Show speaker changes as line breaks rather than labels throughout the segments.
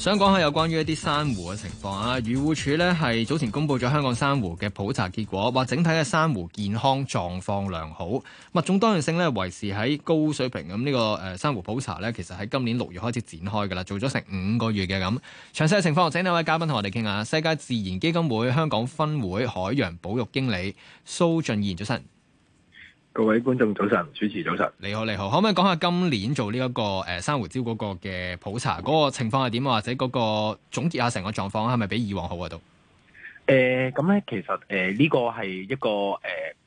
想講下有關於一啲珊瑚嘅情況啊，漁護署呢係早前公布咗香港珊瑚嘅普查結果，話整體嘅珊瑚健康狀況良好，物種多樣性呢維持喺高水平咁。呢個誒珊瑚普查呢，其實喺今年六月開始展開㗎喇，做咗成五個月嘅。咁詳細嘅情況，請兩位嘉賓同我哋傾下。世界自然基金會香港分會海洋保育經理蘇雋彥，早晨。
各位觀眾早晨，主持早
晨，你好你好，可唔可以講下今年做呢、這、一個誒、欸、珊瑚礁嗰個嘅普查嗰、那個情況係點啊？或者嗰個總結下成個狀況，係咪比以往好啊？度誒、欸，咁咧其實
誒呢、呃這個係一個誒誒、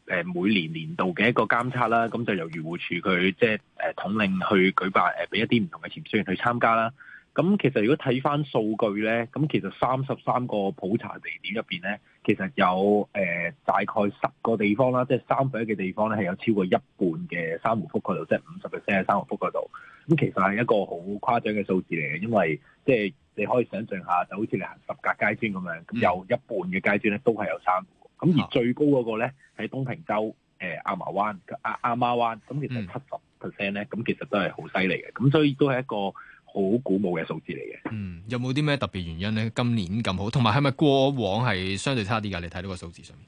呃、每年年度嘅一個監測啦。咁、嗯、就由漁護署佢即係誒、呃、統領去舉辦，誒、呃、俾一啲唔同嘅潛水員去參加啦。咁、嗯、其實如果睇翻數據咧，咁其實三十三個普查地點入邊咧。其實有誒、呃、大概十個地方啦，即係三分一嘅地方咧，係有超過一半嘅珊瑚覆蓋度，即係五十 percent 嘅珊瑚覆蓋度。咁其實係一個好誇張嘅數字嚟嘅，因為即係你可以想象下，就好似你行十格街磚咁樣，咁、嗯、有一半嘅街磚咧都係有珊瑚。咁而最高嗰個咧喺東平洲誒亞媽灣亞亞媽灣，咁、啊、其實七
十 percent 咧，咁、嗯、其實
都係好犀利嘅。咁所以都係一個好鼓舞嘅數字嚟嘅。
嗯，有冇啲咩特別原因咧？今年咁好，同埋係咪過往係相對差啲噶？你睇到個數字上面？
誒、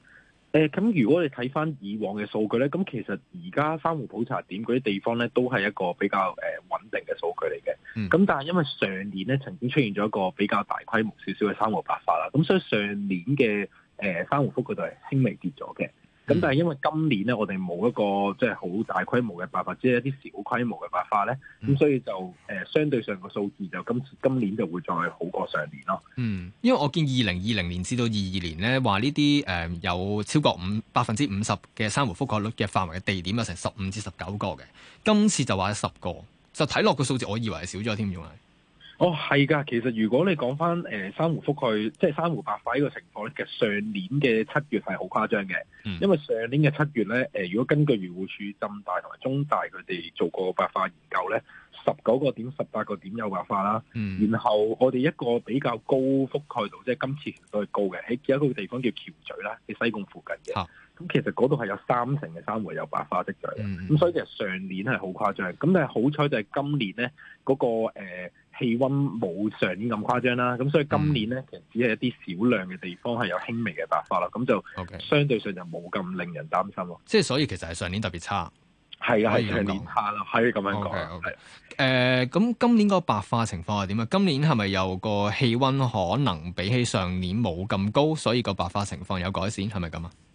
呃，咁如果你睇翻以往嘅數據咧，咁其實而家珊瑚普查點嗰啲地方咧，都係一個比較誒穩定嘅數據嚟嘅。咁、嗯、但係因為上年咧曾經出現咗一個比較大規模少少嘅珊瑚白發啦，咁所以上年嘅誒珊瑚幅嗰度係輕微跌咗嘅。咁但係因為今年咧，我哋冇一個即係好大規模嘅爆發，即係一啲小規模嘅爆發咧，咁、嗯、所以就誒相對上個數字就今今年就會再好過上年咯。嗯，
因為我見二零二零年至到二二年咧，話呢啲誒有超過五百分之五十嘅珊瑚覆蓋率嘅範圍嘅地點有成十五至十九個嘅，今次就話十個，就睇落個數字，我以為係少咗添，用。係。哦，係噶，oh。其實如果你講返誒珊瑚覆蓋，即係珊瑚白化呢個情況咧，其實上年嘅七
月係好誇張嘅。Mm. 因為上年嘅七月咧，誒如果根據漁護署、浸大同埋中大佢哋做過白化研究咧，十九個點、十八個點有白化啦。Mm. 然後我哋一個比較高覆蓋度，即係今次其實都係高嘅，喺一個地方叫橋咀啦，喺西貢附近嘅。咁、oh. 其實嗰度係有三成嘅珊瑚有白化的水。嗯。咁所以其實上年係好誇張。咁但係好彩就係今年咧，嗰、那個、呃氣温冇上年咁誇張啦，咁所以今年呢，其實、嗯、只係一啲少量嘅地方係有輕微嘅白化啦，咁就
相對上就冇咁令人擔心咯。即係 Okay. 所以其實係上年特別差，係啊係上年
差咯，可以咁樣
講。係誒，咁今年個白化情況係點啊？今年係咪有個氣温可能比起上年冇咁高，所以個白化情況有改善係咪咁啊？是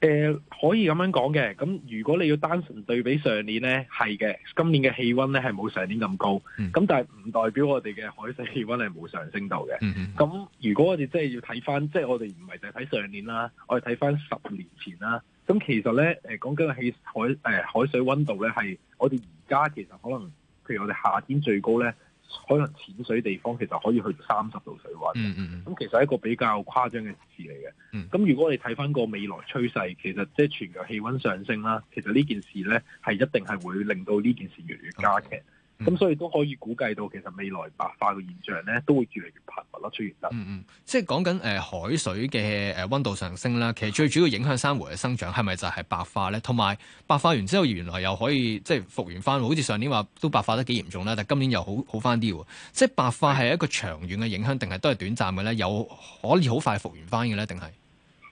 誒、呃，可以咁樣講嘅，咁如果你要單純對比上年咧，係嘅，今年嘅氣温咧係冇上年咁高，咁、嗯、但係唔代表我哋嘅海水氣温係冇上升到嘅。咁、嗯、如果我哋即係要睇翻，即係我哋唔係淨係睇上年啦，我哋睇翻十年前啦，咁其實咧，誒講緊氣海誒、呃、海水温度咧係我哋而家其實可能，譬如我哋夏天最高咧。可能淺水地方其實可以去到三十度水温，咁、mm hmm. 其實係一個比較誇張嘅事嚟嘅。咁、mm hmm. 如果我哋睇翻個未來趨勢，其實即係全球氣温上升啦，其實呢件事呢係一定係會令到呢件事越嚟越加劇。Okay. 咁、嗯、所以都可以估計到，其實未來白化嘅現象咧，都會越嚟越頻密咯出現得。嗯嗯，
即係講緊誒海水嘅誒溫度上升啦，其實最主要影響珊瑚嘅生長係咪就係白化咧？同埋白化完之後，原來又可以即係復原翻，好似上年話都白化得幾嚴重啦，但今年又好好翻啲喎。即係白化係一個長遠嘅影響，定係都係短暫嘅咧？有可以好快復原翻嘅咧，定係？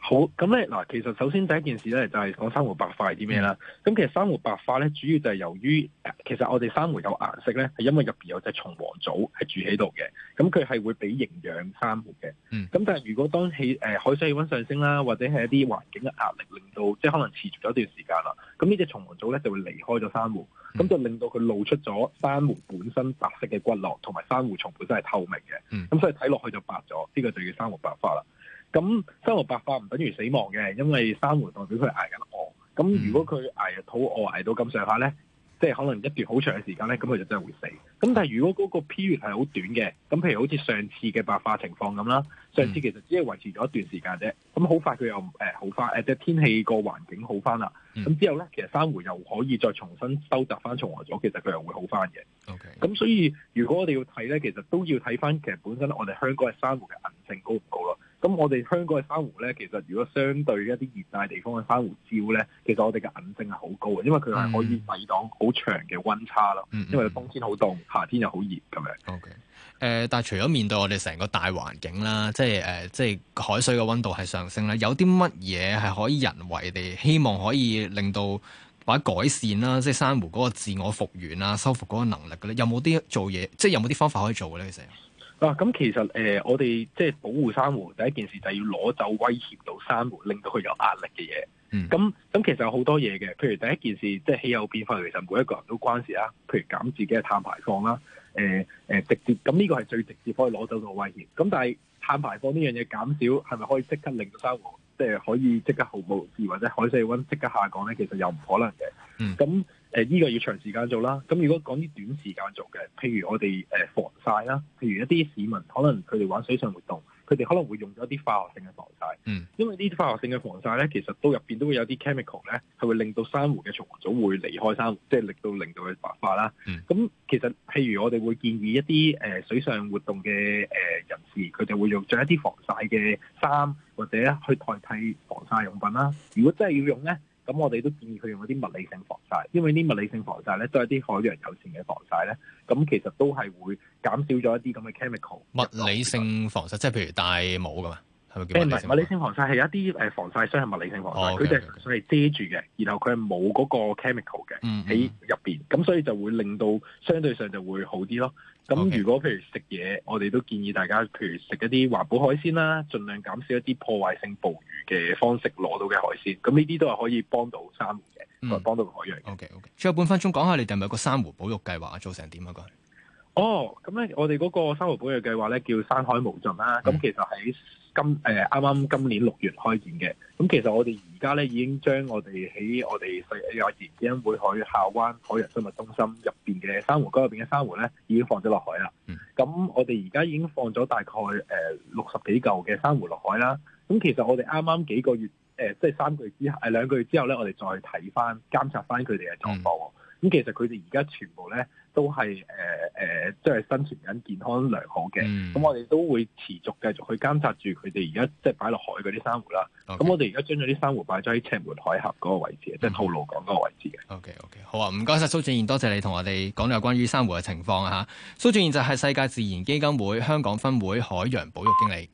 好咁咧嗱，其實首先第一件事咧就係講珊瑚白化係啲咩啦。咁、嗯、其實珊瑚白化咧，主要就係由
於，其實我哋珊瑚有顏色咧，係因為入邊有隻蟲王藻係住喺度嘅。咁佢係會俾營養珊瑚嘅。咁、嗯、但係如果當氣誒海水氣温上升啦，或者係一啲環境嘅壓力，令到即係可能持續咗一段時間啦。咁呢隻蟲王藻咧就會離開咗珊瑚，咁、嗯、就令到佢露出咗珊瑚本身白色嘅骨骼，同埋珊瑚蟲本身係透明嘅。咁、嗯嗯、所以睇落去就白咗，呢、這個就叫珊瑚白化啦。咁珊瑚白化唔等於死亡嘅，因為珊瑚代表佢挨緊餓。咁如果佢挨肚餓挨到咁上下咧，即係可能一段好長嘅時間咧，咁佢就真係會死。咁但係如果嗰個 period 係好短嘅，咁譬如好似上次嘅白化情況咁啦，上次其實只係維持咗一段時間啫。咁、呃、好快佢又誒好翻誒，即、呃、係天氣個環境好翻啦。咁之後咧，其實珊瑚又可以再重新收集翻重活咗，其實佢又會好翻嘅。咁 Okay. 所以如果我哋要睇咧，其實都要睇翻其實本身我哋香港嘅珊瑚嘅韌性高唔高咯。咁我哋香港嘅珊瑚咧，其實如果相對一啲熱帶地方嘅珊瑚礁咧，其實我哋嘅韌性係好高嘅，因為佢係可以抵擋好長嘅温差咯。嗯嗯嗯、因為冬天好凍，夏天又好熱咁樣。OK。
誒，但係除咗面對我哋成個大環境啦，即係誒、呃，即係海水嘅温度係上升啦，有啲乜嘢係可以人為地希望可以令到或者改善啦，即係珊瑚嗰個自我復原啊、修復嗰個能力嘅咧，有冇啲做嘢？即係有冇啲方法可以做嘅咧？其實？啊，咁其實誒、呃，
我哋即係保護珊瑚，第一件
事就係要攞走威脅到珊瑚，令到
佢有壓力嘅嘢。嗯，咁咁其實有好多嘢嘅，譬如第一件事，即係氣候變化，其實每一個人都關事啦。譬如減自己嘅碳排放啦，誒、呃、誒、呃、直接，咁呢個係最直接可以攞走個威脅。咁但係碳排放呢樣嘢減少，係咪可以即刻令到珊瑚，即係可以即刻毫無疑，或者海水温即刻下降咧？其實又唔可能嘅。嗯，咁、嗯。誒呢、呃這個要長時間做啦，咁如果講啲短時間做嘅，譬如我哋誒、呃、防曬啦，譬如一啲市民可能佢哋玩水上活動，佢哋可能會用咗一啲化學性嘅防曬，嗯，因為呢啲化學性嘅防曬咧，其實都入邊都會有啲 chemical 咧，係會令到珊瑚嘅蟲藻會離開珊瑚，即係令到令到佢白化啦。咁、嗯、其實譬如我哋會建議一啲誒、呃、水上活動嘅誒人士，佢哋會用着一啲防曬嘅衫或者去代替防曬用品啦。如果真係要用咧。咁我哋都建議佢用一啲物理性防曬，因為啲物理性防曬咧都係啲海洋友善嘅防曬咧。咁其實都係會減少咗一啲咁嘅 chemical。
物理性防曬即係譬如戴帽㗎嘛？誒，唔係物理性防
曬係一啲誒防曬霜，係物理性防曬。佢就純粹係遮住嘅，然後佢係冇嗰個 chemical 嘅喺入邊，咁、嗯、所以就會令到相對上就會好啲咯。咁 Okay. 如果譬如食嘢，我哋都建議大家，譬如食一啲環保海鮮啦，盡量減少一啲破壞性捕魚嘅方式攞到嘅海鮮。咁呢啲都係可以幫到珊瑚嘅，嗯、幫到海洋。O K O K，
最後半分鐘講下你哋係咪有個珊瑚保育計劃做成點啊？佢
哦，咁咧，我哋嗰個珊瑚保育計劃咧叫山海無盡啦。咁、嗯、其實喺今誒啱啱今年六月開展嘅，咁其實我哋而家咧已經將我哋喺我哋世界自然基金會海下灣海洋生物中心入邊嘅珊瑚缸入邊嘅珊瑚咧已經放咗落海啦。咁、嗯、我哋而家已經放咗大概誒六十幾嚿嘅珊瑚落海啦。咁其實我哋啱啱幾個月誒、呃，即係三個月之後誒，兩個月之後咧，我哋再睇翻監察翻佢哋嘅狀況。咁、嗯、其實佢哋而家全部咧。都係誒誒，即、呃、係生存緊健康良好嘅，咁、嗯、我哋都會持續繼續去監察住佢哋而家即係擺落海嗰啲珊瑚啦。咁 Okay. 我哋而家將咗啲珊瑚擺咗喺赤門海峽嗰個位置，即係吐露港嗰個位置嘅、嗯。OK
OK，好啊，唔該晒。蘇隽彥，多謝你同我哋講咗關於珊瑚嘅情況啊嚇。蘇隽彥就係世界自然基金會香港分會海洋保育經理。